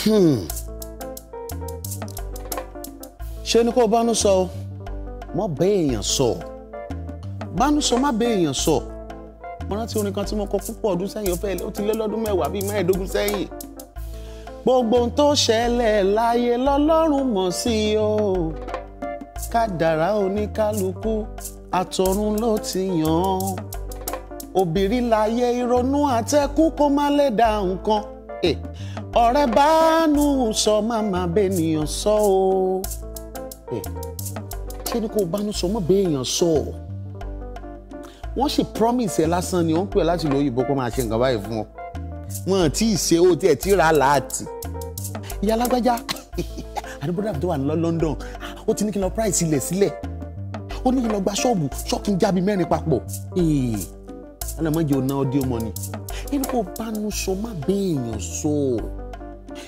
Hmm. ṣe ni kò bánú sọ ọ mọ bẹ èèyàn sọ bánú sọ má bẹ èèyàn sọ mo rántí orin kan tí mo kọ púpọ̀ ọdún sẹ́yìn ó fẹ́ ó ti lé lọ́dún mẹ́wàá bíi mẹ́ẹ̀ẹ́dógún sẹ́yìn gbogbo ohun tó ṣẹlẹ̀ láyé lọ́lọ́run mọ̀ sí o kádàrá oníkálukú àtọ̀run ló ti yàn án obìnrin láyé ìrònú àtẹkù kó má lè dá nǹkan. Eh ọ̀rẹ́ bánú sọ máma bẹ́nìyàn sọ o eh, ṣé ni kò bánú sọ mọ́ bẹ́ẹ̀yàn sọ o wọ́n sì promise ẹ lásán ni wọ́n pè láti lo òyìnbó pé máa ṣe nǹkan báyìí fún ọ wọn tí ì ṣe ó tiẹ̀ tí ra láàtì ìyá alágbájá àdúgbòdà tó wà ní London ó ti ní kí n lọ price ilẹ̀ sílẹ̀ ó ní kí n lọ gba ṣọ́ọ̀bù ṣọ́ọ̀kì ń jábí mẹ́rin papọ̀ ọ̀nà mọ́jọ́ ọ̀nà ọdí ọmọ ni ẹni kò bánú sọ má bẹ́ẹ̀yàn sọ. So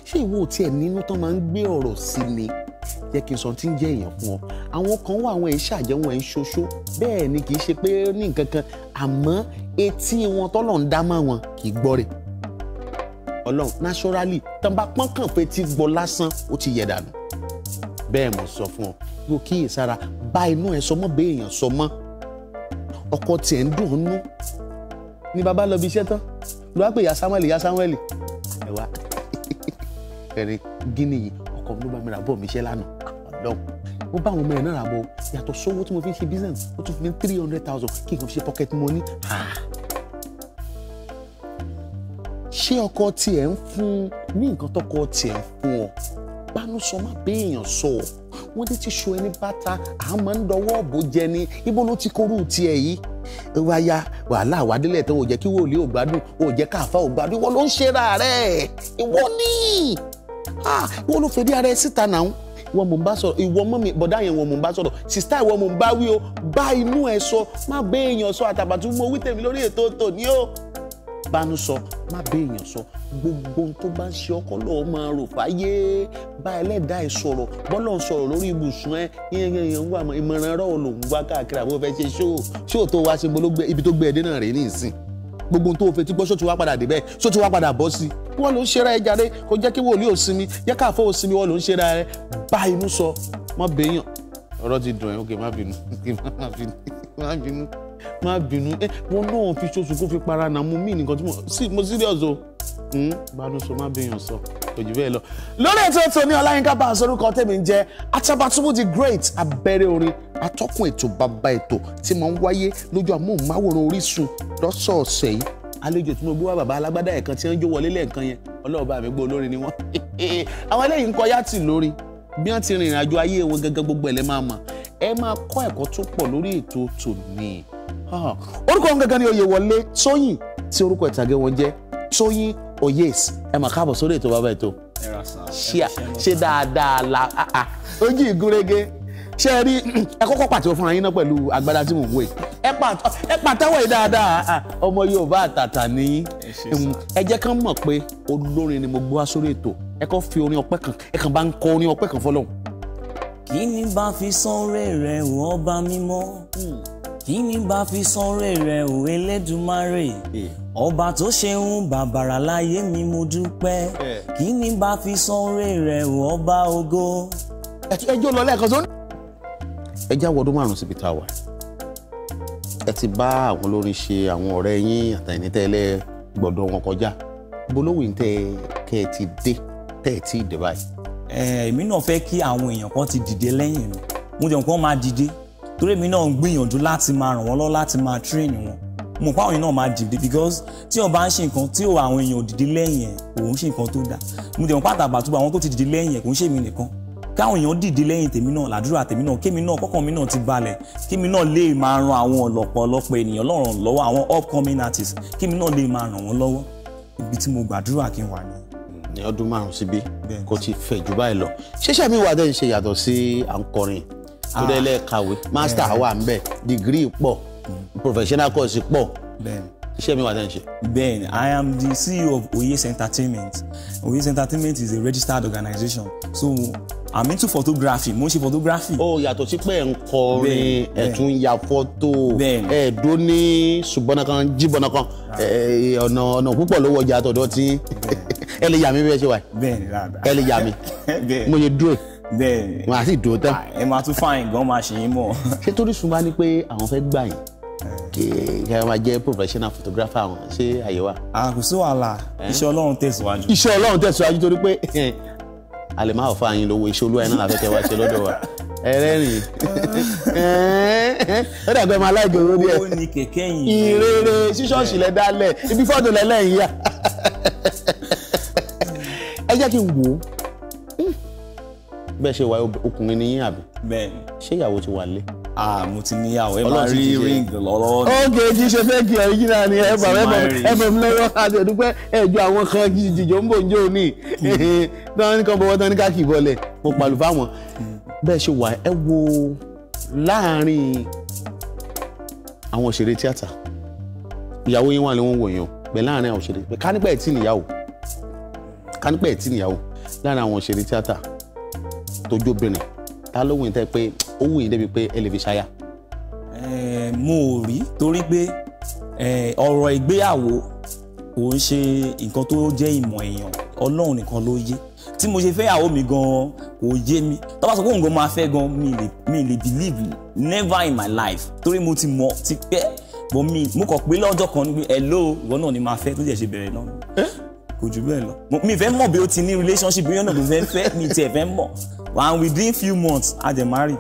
ṣé ìwọ ò tiẹ̀ nínú tán máa ń gbé ọ̀rọ̀ sí ni jẹ́ kí n sọ tí ń jẹ́ èèyàn fún ọ àwọn kan wà àwọn ẹ̀ ń ṣàjẹwọ́n ẹ̀ ń ṣoṣo bẹ́ẹ̀ ni kì í ṣe pé ní nǹkan kan àmọ́ etí wọn tọ́lọ̀ ń dá mọ́ wọn kì í gbọ́ rẹ̀ ọlọ́run naturally tán bá pọ́n kàn pé tí gbọ́ lásán ó ti yẹ dànù bẹ́ẹ̀ mo sọ fún ọ yóò kíyè sára bá inú ẹ sọmọ bẹ́ẹ̀ èèyàn sọmọ ọkọ tiẹ̀ ń dùn ún nú ni bàbá lọ bí iṣẹ́ tán lọ́wọ́ pé ìyá Samuel ìyá Samuel ẹ̀ wá ẹ̀rin gíní yìí ọkọ mi ló bá mi rà bọ̀ mi ṣẹ́ lánàá lọ́wọ́ ó bá àwọn ọmọ ẹ̀ náà rà bọ̀ yàtọ̀ sówó tí mo fi ń ṣe business ó tún fi ní three hundred thousand kí n kàn fi ṣe pocket money ṣé ọkọ tiẹ̀ ń fún ní nǹkan tọkọ tiẹ̀ ń fún ọ bánú sọ má béèyàn sọ ọ wọn ti ti so ẹni bàtà à máa ń dọwọ́ ọ̀bọ jẹ ni ibo ló ti korú tiẹ̀ yìí wá ya wàhálà àwádìlẹ̀ tán ò jẹ́ kí wòlíì ò gbádùn ò jẹ́ káfá ò gbádùn ìwọ ló ń ṣe ra rẹ̀ ìwọ ni ah ìwọ ló fẹ́ bí ara ẹ síta náà ìwọ mò ń bá sọ̀rọ̀ ìwọ mọ́ mi bọ̀dá yẹn ìwọ mò ń bá sọ̀rọ̀ sista ìwọ mò ń bá wí o bá inú ẹ sọ má bẹ èèyàn sọ àtàbàtú mo wí tèmi lórí ètò tò ní o bánú sọ má bẹ èèyàn sọ gbogbo ohun tó bá ń ṣe ọkọ lọ́wọ́ máa rò fáyé bá ẹlẹ́dàá ẹ sọ̀rọ̀ bọ́lá ń sọ̀rọ̀ lórí ibùsùn ẹ yẹn yẹn ń wà mọ́ ìmọ̀ràn ẹ̀rọ òun wá káàkiri àbó fẹ́ ṣe ṣó ṣó tó wá ṣe ibi tó gbé ẹdín náà rèé ní gbogbo ohun tó fetí gbọ́ sóti wá padà débẹ̀ sóti wá padà bọ́ sí i wọ́n ló ń ṣera ẹ jáde kò jẹ́ kí wòlíì ò sinmi jẹ́ ká àfọwọ́ sinmi wọ́n ló ń ṣera ẹ bá inú sọ mọ́ bẹ́yàn ọ̀rọ̀ ti dùn ẹ́ ok má bínú má bínú má bínú ẹ wọn náà fi ṣoṣù kó fi para nà mú mí nìkan tí mo sí mo serious o gbanúso hmm? má bẹ̀yàn sọ kò jù bẹ́ẹ̀ lọ. lórí ètò ètò ní Ọláyínká bá a sọ orúkọ atọ́kùn ètò bàbá ètò tí máa ń wáyé lójú amóhùnmáwòrán Orísun lọ́sọ̀ọ̀sẹ̀ yìí àlejò tí mo gbé wá bàbá alágbádá ẹ̀kan tí wọ́n jó wọlé lẹ́ẹ̀kan yẹn ọlọ́ọ̀bá mi gbọ́ olórin ni wọ́n àwọn eléyìí ń kọyá tì lórin bí wọ́n ti rìnrìn àjò ayé wọn gangan gbogbo ẹ̀ lẹ́ máa mọ̀ ẹ máa kọ́ ẹ̀kọ́ tó pọ̀ lórí ètò tòní orúkọ wọn gangan ni Oyèwọlé Tóyìn tí orúkọ ìtàgé wọn jẹ́ Tóyìn Oyès ẹ máa káàbọ̀ sórí ètò bàbá ètò ṣe dáadáa la ah, ah. ojú ìgúnrégé ṣé ẹ rí ẹ kọ́kọ́ pàtẹ́wọ́ fúnra yín náà pẹ̀lú agbádá tí mò ń wé ẹ pàtẹ́wọ́ yìí dáadáa ah, ọmọ Yorùbá àtàtà ní ẹ jẹ́ kán mọ̀ pé olórin ni mo gbọ́ wá sórí ètò ẹ kàn fi orin ọpẹ́ kan ẹ kàn bá ń kọ orin ọpẹ́ kan fọlọ́hún. kí ni bá fi sọ́rẹ́ rẹ̀ wọ́n ọba mímọ́ hmm. kí ni bá fi sọ́rẹ́ rẹ̀ ò Elédùmarè eh. ọba tó ṣeun bàbàrà láyé mi mo dúpẹ́ eh. kí ni bá fi sọ́rẹ́ rẹ̀ wọ́n ọba ògo. ẹjọ́ lọ lẹ́ẹ̀kan sọ́ni ẹ já wọdún márùn síbi tá a wà ẹ ti bá àwọn olórin ṣe àwọn ọ̀rẹ́ yín àtàyìn tẹ́lẹ̀ gbọ̀dọ̀ wọn kọjá bolówì tẹ kẹ ẹ ti dé tẹ ẹ ti dé báyìí. èmi náà fẹ́ kí àwọn èèyàn kan ti dìde lẹ́yìn nù mo jẹun kán máa dìde torí èmi náà ń gbìyànjú láti máa ràn wọ́n lọ́wọ́ láti máa tírèènì wọn mo pa àwọn èèyàn náà máa dìde because tí wọ́n bá ń ṣe nǹkan tí àwọn èèyàn ò dìde lẹ́yìn ẹ̀ òun ṣe nǹkan tó dáa mo jẹun pátá àbàtúbà àwọn tó ti dìde lẹ́yìn ẹ̀ kò ń ṣèmi nìkan káwọn èèyàn dìde lẹ́yìn tèmi náà làdúrà tèmi náà kémi náà kọ́kàn mi náà ti balẹ̀ kémi náà lè máa ran àwọn ọ̀lọ́pọ̀ ọlọ́pọ̀ ènìyàn lọ́rùn lọ́wọ́ àwọn upcoming artists kémi náà lè máa ràn wọ́n lọ́wọ́ ibi tí mo gbàdúrà kí n wà ní. ní ọdún márùn síbí kò ti fẹ̀ jù báyìí lọ ṣẹṣẹ mi wà dẹ́ ń ṣe yàtọ̀ sí à ń kọrin tó dẹ́ ah. lẹ́ẹ̀kàwé master wà ń bẹ̀ degree pọ̀ hmm. professional course pọ̀ iṣẹ́ mi wà dẹ́ ń ṣe. Ben, I am the CEO of Oyes Entertainment. Oyes Entertainment is a registered organization. So i'm into photography mo ń ṣe photography. ó oh, yàtọ̀ sí pé ẹ̀ ń kọrin ẹ̀ tún ya fọ́tò ẹ̀ dó ní ṣùgbọ́n kan jíbọn kan ọ̀nà ọ̀nà púpọ̀ ló wọjà àtọ̀dọ̀ tí ẹ lè yà mí bẹ́ẹ̀ ṣe wà ẹ lè yà mí mo yẹ dúró bẹ́ẹ̀ wọn àti dúró tán. ẹ máa tún fáyìn gan máa ṣe yín mọ̀. ṣé torí sùn bá ní pé àwọn fẹ́ gbà yín eh. kí ẹ máa jẹ́ professional photographer àwọn ṣé àyè wa. Ah, àkùsọ wàhálà eh? iṣẹ́ Ọlọ́run tẹ̀síwájú. iṣẹ́ Ọlọ́run tẹ̀síwájú torí pé a lè má ọ̀fọ̀ àyìn lówó iṣẹ́ olúwa iná làfẹ́ kẹ́ wá ṣe lọ́dọ̀ wa ẹlẹ́rìn ó dàgbẹ́ máa láì gbèrò díẹ̀ ìrere ṣíṣọ́ọ̀ṣì lẹ dálẹ̀ ibi fọ́ọ̀dù lẹ́lẹ́yìn yá ẹ jẹ́ kí n wò ó hmm. bẹ́ẹ̀ ṣe wà ọkùnrin ni yín àbí ṣé ìyàwó ti wà lé àmú ti níyàwó ẹ máa rí ring lọ́wọ́. oge jí ṣe fẹ́ kí original ni ẹ bàbá ẹ bàbá lọ́wọ́ àti ẹ̀dúpẹ́ ẹ̀jọ̀ àwọn kan jìjọ ń bò ń jò ní hmm. tán ní kan bọ́wọ́ tán ní ká kì mo hmm. pàlù fáwọn hmm. bẹ́ẹ̀ ṣe wà ẹ wo láàárín àwọn òṣèré tíátà ìyàwó yín wà ní wọn wò yẹn o bẹ́ẹ̀ àwọn òṣèré bẹ́ẹ̀ kánípẹ́ ẹ̀ tí níyàwó kánípẹ́ ẹ̀ tí níyàwó láàárín àwọn òṣèré tíátà tójóbìnrin ta ló wù ní tẹ́ pé ó wù débi pé ẹ lè fi ṣaya. Eh, mo ò rí torí pé eh, ọ̀rọ̀ ìgbéyàwó kò ń ṣe nǹkan tó jẹ́ ìmọ̀ èèyàn ọlọ́run nìkan ló yé tí mo ṣe fẹ́yàwó mi gan-an kò yé mi tó sọ pé òun gan máa fẹ́ gan mi lè believe never in my life torí mo ti mọ̀ ti pẹ́ bọ́ mi mo kàn pé lọ́jọ́ kan ní hello ìwọ náà ni máa fẹ́ tó jẹ́ ṣe bẹ̀rẹ̀ náà eh? kò jù bẹ́ẹ̀ lọ mi fẹ́ mọ̀ bí o ti ní relationship bí yọ́nà kò fẹ́ fẹ́ mi tiẹ̀ fẹ́ mọ̀ and within few months a jẹ marry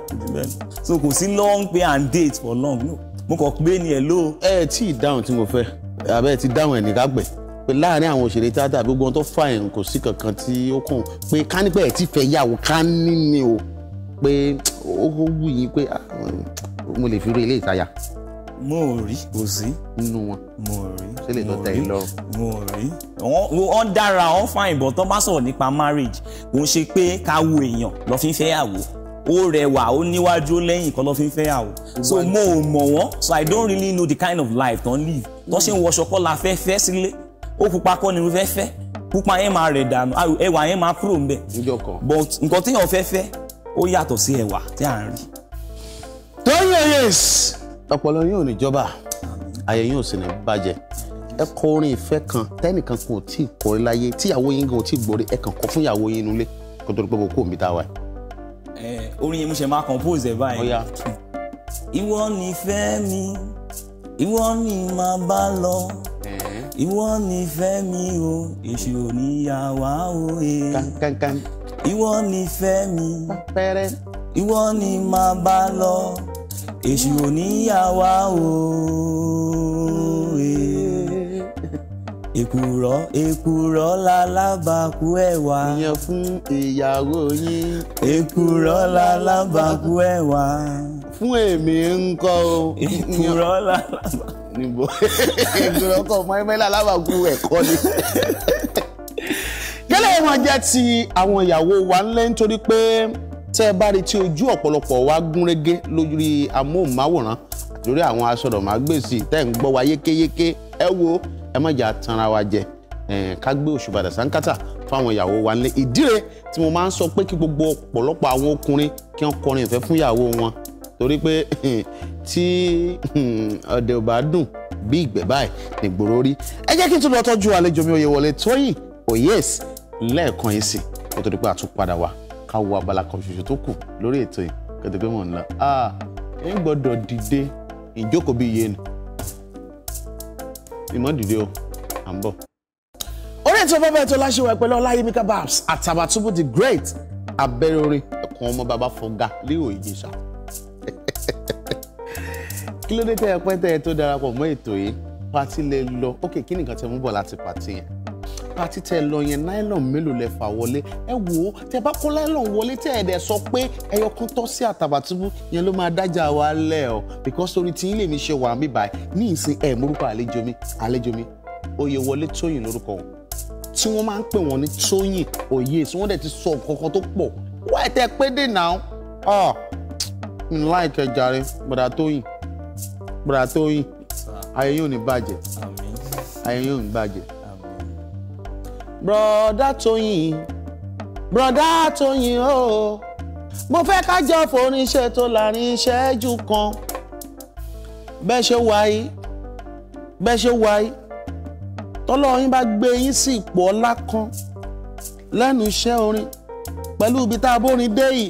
so kò sí long pay and date for long no mo kàn pé ni ẹ ló. ẹ tí ì dáhùn tí mo fẹ́ abẹ́ ti dáhùn ẹ̀ nìkan gbẹ̀ pé láàrin àwọn òṣèré tíátà àbí gbogbo ohun tó fà yẹn kò sí kankan tí ó kàn pé kánípẹ́ ẹ̀ tí fẹ́ yàwó kání ni o pé ó wù yín pé ah, mo lè fi rí ilé ìtajà mo ò rí kò sí. nínú wọn mo ò rí ṣé lè lọ tẹ mo rí wọn dára wọn fine but tó bá sọ̀rọ̀ nípa marriage kò ń ṣe pé ká wo èèyàn lọ fi ń fẹ́ yàwó ó rẹwà ó níwájú lẹ́yìn kan ló fi ń fẹ́ so mo ò mọ̀ wọ́n so i don't really know the kind of life tó ń live tó ṣe ń wọṣọ kọ́ la fẹ́ fẹ́ sílé ó pupa kọ́ ni mo fẹ́ fẹ́ pupa yẹn máa rẹ̀ dànù ẹwà yẹn máa kúrò ń bẹ̀ but nǹkan téèyàn fẹ́ fẹ́ ó yàtọ̀ sí ẹwà tí à ń rí. Tóyìn Oyèsì ọpọlọ yín ò ní jọba ayé yín ò sì ní bàjẹ́ ẹ kọ orin ìfẹ́ kan tẹ́nìkan kò tí ì kọ láyé tíyàwó yín kò tí ì gbòòrè ẹ kàn kọ fún ìyàwó yín nulẹ̀ kó tó di pé mo kó mi ta wa. orin yìí mo ṣe máa compose ẹ báyìí. ìwọ nífẹ̀ mi ìwọ ni màá bá lọ ìwọ nífẹ̀ mi o èṣù oníyàwó o e. ìwọ nífẹ̀ mi ìwọ ni màá bá lọ èṣù oníyàwá o èkùrọ́ èkùrọ́ lálábàkú ẹ̀wà. ìyẹn fún ìyàwó yín. èkùrọ́ lálábàkú ẹ̀wà. fún èmi ńkọ́ o. èkùrọ́ lálábàkú. níbo èkùrọ́ kọ́ mọ́ẹ́mẹ́ lálábàkú ẹ̀kọ́ ni. kẹ́lẹ́ ìmọ̀ jẹ́ ti àwọn ìyàwó wa ńlẹ́ nítorí pé tẹ́ ẹ bá rí tí ojú ọ̀pọ̀lọpọ̀ wa gún régé lórí amóhùnmáwòrán àti lórí àwọn asọ̀rọ̀mágbèsì tẹ́ ń gbọ́ wa yékéyéké ẹ wo ẹ má jà tanra wa jẹ ká gbé òṣùbàdà sáńkátà fáwọn ìyàwó wa nílé ìdíre tí mo máa ń sọ pé kí gbogbo ọ̀pọ̀lọpọ̀ àwọn ọkùnrin kí wọ́n kọrin ìfẹ́ fún ìyàwó wọn torí pé tí ọ̀dẹ̀ ò bá dùn bí ìgbẹ́ báyìí nìgboro rí ẹ jẹ́ kí n tún lọ tọ́jú àlejò mi Oyèwọlé Tóyìn Oyèsì lẹ́ẹ̀kan yìí sí kó tó di pé a tún ká wo abala kan ṣoṣo tó kù lórí ètò yìí kẹtẹ pé mò ń lọ ah ń gbọ́dọ̀ dìde ìjókòó bí iye nì ìmọ̀ dìde o à ń bọ̀. orí ètò bàbá ètò láṣẹwà pẹ̀lú ọláyémíkà babs àtàbàtúbù the great abẹ́rẹ́ orin ẹ̀kọ́ ọmọ bàbá fọgá léèwọ̀ ìjẹsà kí ló dé tẹ́ ẹ pẹ́ tẹ́ ẹ tó darapọ̀ mọ́ ètò yìí pátí lè lọ ókè kí nìkan tẹ́ mú bọ̀ láti pátí yẹn pati tẹ lọ yẹn nylon mélòó lẹ fà wọlé ẹ wò ó tẹ bá kó nylon wọlé tẹ ẹ dẹ sọ pé ẹyọ kan tọ́ sí Àtàbàtúbú yẹn ló máa dájà wa lẹ̀ ọ́ because orí tí ilé mi ṣe wà mí báyìí ní ìsìn ẹ̀ morúkọ àlejò mi àlejò mi Oyèwọlé Tóyìn lórúkọ wọn tí wọ́n máa ń pè wọ́n ní Tóyìn òye tí wọ́n dẹ̀ ti sọ nǹkan kan tó pọ̀ wá ẹ̀ tẹ́ pé dè náà ọ̀ n láìkẹ́ jàre bàdà Tóyìn bàdà Tóyìn ah. ayé yóò ní bàjẹ́ ayé yóò ní bàjẹ́ bùrọ̀dá tóyìn bùrọ̀dá tóyìn o mo fẹ́ ká jọ foníṣẹ́ tó láàrin ìṣẹ́jú kan bẹ́ẹ̀ ṣe wáyé bẹ́ẹ̀ ṣe wáyé tọ́lọ́yìn bá gbé yín sí ipò ọlá kan lẹ́nu iṣẹ́ orin pẹ̀lú ibi tá a bórin dé yìí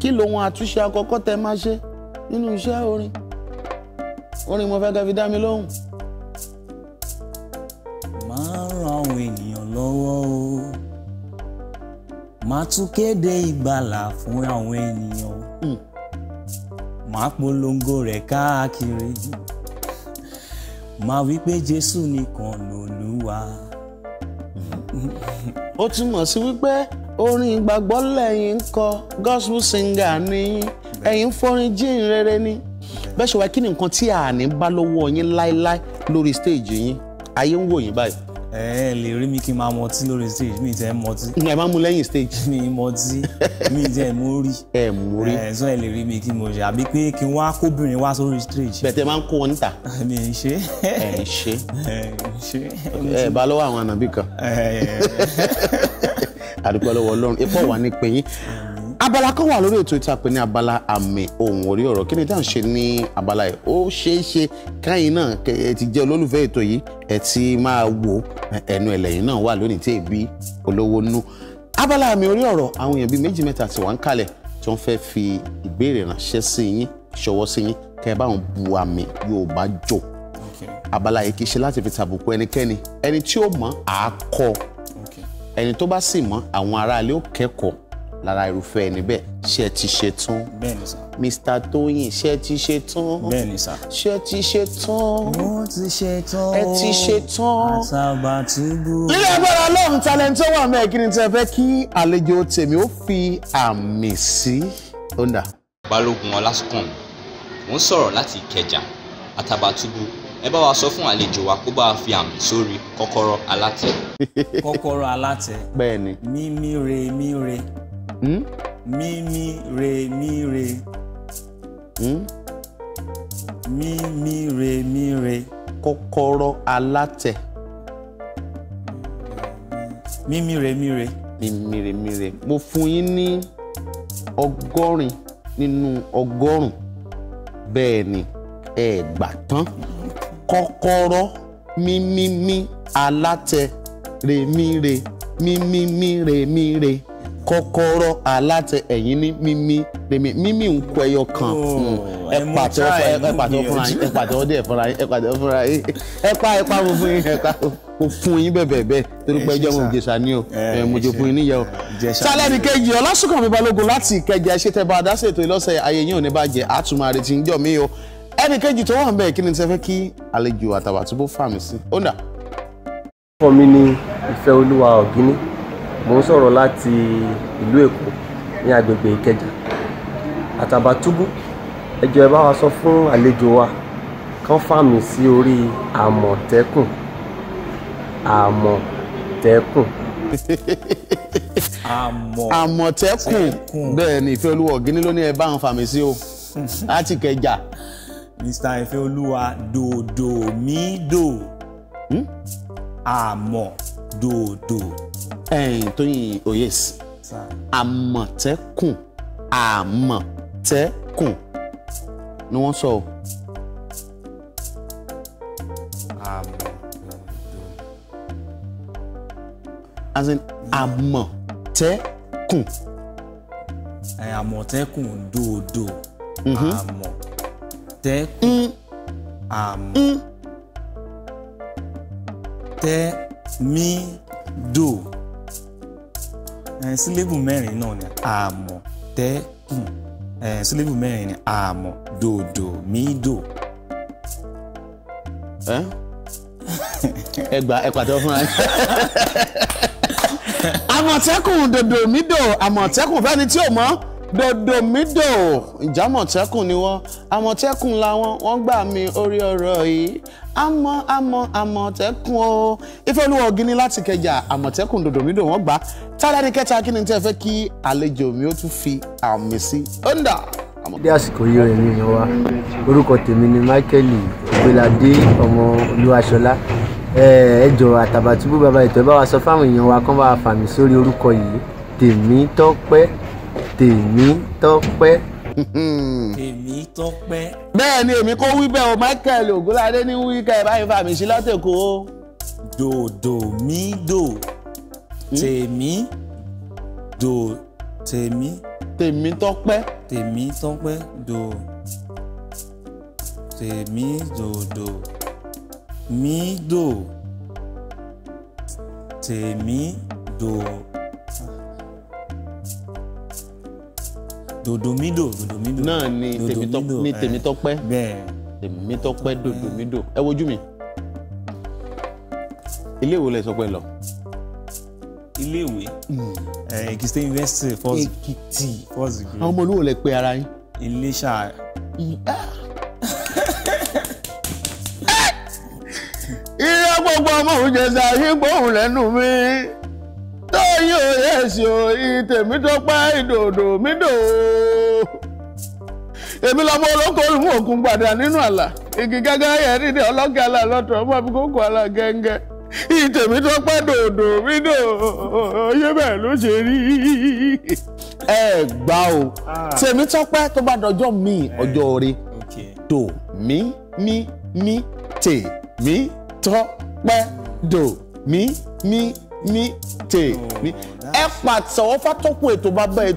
kí lòun àtúnṣe àkọ́kọ́ tẹ máa ṣe nínú iṣẹ́ orin orin mo fẹ́ kẹ́ fi dá mi lóhùn. màá tún kéde ìgbàlà fún àwọn ènìyàn hmm. màá polongo rẹ̀ káàkiri màá wí pé Jésù nìkan lòlúwa. ó túmọ̀ sí wípé orin ìgbàgbọ́ lẹ́yìn ń kọ gospel singer ni ẹ̀yin ń fọrin jíìn rere ni bẹ́ẹ̀ ṣe wá kí ni nǹkan tí àní bá lọ́wọ́ yín láéláé lórí stage yín ayé ń wò yín báyìí ẹ ẹ lè rí mi kí n máa mọtí lórí stage mi tẹ ẹ mọtí. ẹ máa mú lẹ́yìn stage. mi mọtí mi tẹ ẹ mú rí. ẹ mú rí. ẹ sọ ẹ lè rí mi kí n mọ ṣe àbí pé kí n wá kóbìnrin wá sórí stage. bẹ̀tẹ̀ máa ń kó wọn níta. mi ń ṣe. ẹ ń ṣe. ẹ ń ṣe. ẹ bá lọ́wọ́ àwọn ànàbí kan. àdúgbò lọ́wọ́ ọlọ́run ipò wà ní pẹ́yìn abala kan wà lórí ètò ìtàpé ní abala àmì ohun orí ọ̀rọ̀ kí ni dáhùn ṣe ní abala yìí ó ṣeé ṣe káyìn náà ẹ ti jẹ́ olólùfẹ́ ètò yìí ẹ ti máa wo ẹnu ẹlẹ́yìn náà wà lónìí tí èbí olówó nú abala àmì orí ọ̀rọ̀ àwọn èèyàn bíi méjì mẹ́ta ti wà ń kalẹ̀ tó ń fẹ́ fi ìbéèrè ránṣẹ́ sí yín ṣọwọ́ sí yín kẹ́ ẹ bá wọn bu àmì yóò bá jò abala yìí kì í ṣe láti fi tàbùkù ẹnikẹ́ni ẹni tí ó mọ̀ á ẹni tó bá sì mọ̀ àwọn aráalé ó kẹ́kọ̀ọ́ lára irúfẹ́ ẹni bẹ́ẹ̀ ṣé ti ṣe tán bẹ́ẹ̀ni sà Mr. Tóyìn ṣé ti ṣe tán bẹ́ẹ̀ni sà ṣé ti ṣe tán mo ti ṣe tán ẹ ti ṣe tán Àtàbàtúbú. nílé agbára lọ́run talẹ́ntì wà mẹ́ẹ̀ kí ni fẹ́ kí àlejò tèmi ó fi àmì sí ọ̀dà. balógun ọlásùnkànmí mo ń sọ̀rọ̀ láti ìkẹjà Àtàbàtúbú ẹ bá wa sọ fún àlejò wa kó bá a fi àmì sórí kọ́kọ́rọ́ alátẹ. kọ́kọ́rọ́ alátẹ. bẹ́ẹ̀ni. mímí re mí re Mm? Mi mi re mi re. Mm? Mi mi re mi re. Kọ́kọ́rọ́ alátẹ̀. Mi mi re mi re. Mi mi re mi re. Mo fún yín ní ọgọ́rin nínú ọgọ́rùn-ún bẹ́ẹ̀ ni ẹ gbà tán kọ́kọ́rọ́ mímímí alátẹ̀ rèmíre mímímí rèmíre kọ́kọ́rọ́ aláàtẹ ẹ̀yìn ní mímí lèmi mímí ń kọ ẹyọ kan oh, hmm. ẹ pàtó ẹ pàtó fúnra yín ẹ pàtó ọdẹ fúnra yín ẹ pàtó fúnra yín ẹ pa ẹ pa mo fún yín ẹ pa mo fún yín bẹ́ẹ̀ bẹ́ẹ̀ torí pé ẹjọ́ mo jèṣà ni o mo jẹ fún yín níyà o. sálẹ̀mì kejì ọlásùnkànmí balógun láti ìkẹjà ṣé tẹ́ bá a dáṣẹ́ ètò ìlọ́sẹ̀ ayé yín ò ní bàjẹ́ àtúmọ̀ àrètí ń jọ mí o ẹnì kejì tó wà ń kí ni tẹ́ fẹ́ kí àlejò Àtàbàtúbú fàmì sí. ó nà. mi ni Ìfẹ́olúwa Ògínní mo ń sọ̀rọ̀ láti ìlú Èkó ní agbègbè Ìkẹjà Àtàbàtúbú ẹ jọ̀ọ́ ẹ bá wa sọ fún àlejò wa kán fàmì sí orí Àmọ̀tẹ́kùn Àmọ̀tẹ́kùn. Àmọ̀tẹ́kùn bẹ́ẹ̀ ni ìfẹ́ olúwa ọ̀gíní ló ní ẹ bá ń fàmì sí o láti Ìkẹjà. Mr ìfẹ́ olúwa dòdò mi dò hmm? àmọ̀ dòdò tóyìn oyes àmọ̀tẹ́kùn àmọ̀tẹ́kùn ni wọ́n sọ o. as in àmọ̀tẹ́kùn. àmọ̀tẹ́kùn dòdò mm-hmm. àmọ̀tẹ́kùn mm. àmọ̀tẹ́kùn. Mm mi dò eh, sílébù mẹ́rin náà ni àmọ̀tẹ́kùn eh, sílébù mẹ́rin ni àmọ̀ dòdò mi dò. ẹ gbà ẹ pàtó fún wa àmọ̀tẹ́kùn dòdò mi dò àmọ̀tẹ́kùn fẹ́ni tí ò mọ̀ dòdòmídò ìjàmọ̀tẹ́kùn ni wọ́n àmọ̀tẹ́kùn làwọn wọ́n gbà mí orí ọ̀rọ̀ yìí àmọ́ àmọ́ àmọ̀tẹ́kùn o ìfẹ́ olúwa ògínní láti kẹjà àmọ̀tẹ́kùn dòdòmídò wọ́n gbà tálẹ́ni kẹta kí ni tí ẹ fẹ́ kí àlejò mi ó tún fi àmì sí ó ń dà. dé àsìkò yìí rẹ̀ mi yàn wá orúkọ tèmi ni Michael Ògbéládé ọmọ Olúwaṣọlá ẹ jọ Àtàbàtúbú bàbá ìtọ́ bá wa sọ fáwọn èèyàn wa kán bá wa fàmì sórí orúkọ yìí Tèmítọ́pẹ́ Tèmítọ́pẹ́. Tèmítọ́pẹ́. bẹ́ẹ̀ ni èmi kò wí bẹ́ẹ̀ o Michael Ògúnládé ní wíkẹ́ báyìí fà sí lọ́tẹ̀kọ́ dòdò mi dò hmm? tèmi dò tèmi. Tèmítọ́pẹ́. Tèmítọ́pẹ́ dò tèmi dòdò mi dò tèmi dò. dòdòmídò dòdòmídò náà ni tèmítọ́pẹ́ tèmítọ́pẹ́ dòdòmídò ẹ wojú mi ilé ìwé lẹ sọ pé lọ. ilé ìwé hmm. eh, Èkìtì State University first Èkìtì first degree. àwọn ọmọ olówó lẹ pè ara yín. Iléṣà. ìyá gbogbo ọmọ òun jẹ sáré gbóhùn lẹ́nu mi yín ò yẹ̀sì ò ìtẹ̀mí tó pẹ́ ìdòdò mí dò ó. èmi lọ́mọ olóko olùmú òkun gbàdà nínú àlà igi gẹ́gẹ́ yẹn nídìí ọlọ́gẹ́ àlà lọ́tọ̀ ọmọ mi kò kọ àlà gẹ́ngẹ́ ìtẹ̀mí tó pẹ́ dòdò mí dò ó yé bẹ́ẹ̀ ló ṣe rí. ẹ gbà o ah. tèmi tọ́pẹ́ tó bá dọjọ́ mi eh, ọjọ́ orí dò mí mí mí tèmi tọ́pẹ́ dò mí mí ní tèmi ẹ pàtẹ́wọ́ fátọ́kùn ètò bàbá ètò.